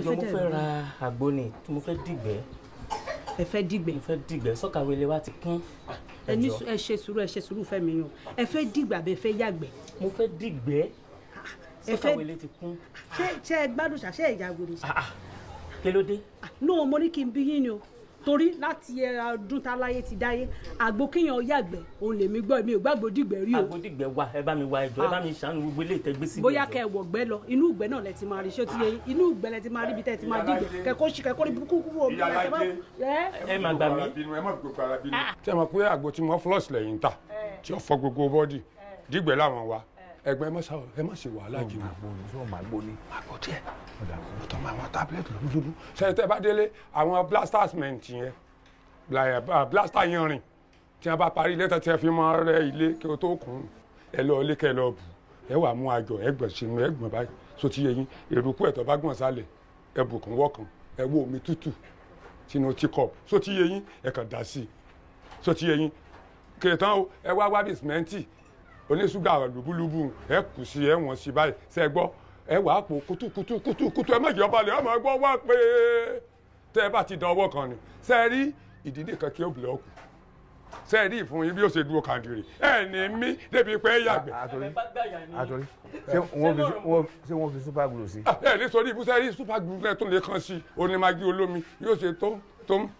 ẹjọ mo fẹ́ ra àgbo ni mo fẹ́ dìgbẹ́. ẹ fẹ́ dìgbẹ́. mo fẹ́ dìgbẹ́ sọ́kàwé ilé wa ti kún. ẹ ní ẹ ṣe sùúrù ẹ ṣe sùúrù fẹ́mi yàn ẹ fẹ́ dìgbà bẹ fẹ́ yàgbẹ́. mo fẹ́ dìgbẹ́ sọ́kàwé ilé ti kún. ṣé ṣé ẹ gbádùn ṣàṣẹ ìyàgò ni. Ah, ah. kí ló dé. Ah, no mo ní kí n bí yín ni o torí láti eh, ọdún tá láyé ti dáyé àgbo kéèyàn yàgbẹ́ òun lèmi gbọ́ èmi ò gbàgbọ́ dìgbẹ́ rí o. àgbo dìgbẹ́ wa ẹ bá mi wa ẹjọ ẹ bá ah. mi ṣàánú gbogbo ilé ìtẹ́gbé sí. bóyá kẹ wọ̀gbẹ́ lọ inú ìgbẹ́ náà lẹ ti máa rí sọ́tí yẹn inú ìgbẹ́ lẹ ti máa rí ibi tẹ ti máa dìgbẹ́ kẹkọ́ sí kẹkọ́ rí burúkú kúrò. Eh? ẹ má gbà mí. Ah. ṣé ẹ mọ̀ pé àgbo tí wọ́n flush lẹ́yìn ta eh. tí ó fọ gbogbo bọ́dì ẹgbẹ́ ẹ má ṣe wàhálà jìnnà. màgbó ni sọ màgbó ni. màgbó díẹ̀ mo tọ́ ma àwọn tábìlẹ̀tì lódúdú. sẹ́yìn bá délé àwọn blasters mẹ́ǹtì yẹn uh, blaster yanrìn tí a bá parí ilé tẹ́tí fi máa rẹ ilé kí o tó kùn ẹ lọ ilé kẹ lọ bù ẹ wà mú àjọ ẹ sínú ẹ báyìí so ti yẹ yín èrùkú ẹ̀tọ́ bá gbọ̀n sálẹ̀ ẹ bùkún ẹ wo omi tútù sínú tíkọ̀pù so ti yẹ yín ẹ kàn dá sí i so ti yẹ yín kèétán oníṣúgà lùbúlùbù ẹ kù sí ẹ wọ̀n sí báyìí ṣe gbọ́ ẹ wàá po kùtùkùtù kùtùkùtù ẹ má jẹ́ ọbalẹ̀ ọmọ ẹgbọ́ wá pé tẹ́ ẹ bá ti dán ọwọ́ kan ni ṣe rí ìdí nìkan kí ó bìlọ̀ ọkù ṣe rí ìfún yín bí ó ṣe dúró kàndìrì ẹ ní mí débi pé yàgbẹ́. àtòrí ṣé wọ́n fi super glue sí. ẹ ní sọ ní ibùsọ̀ rí super glue náà tó lè kàn sí onímàgí olómi yóò ṣe tó tó ń.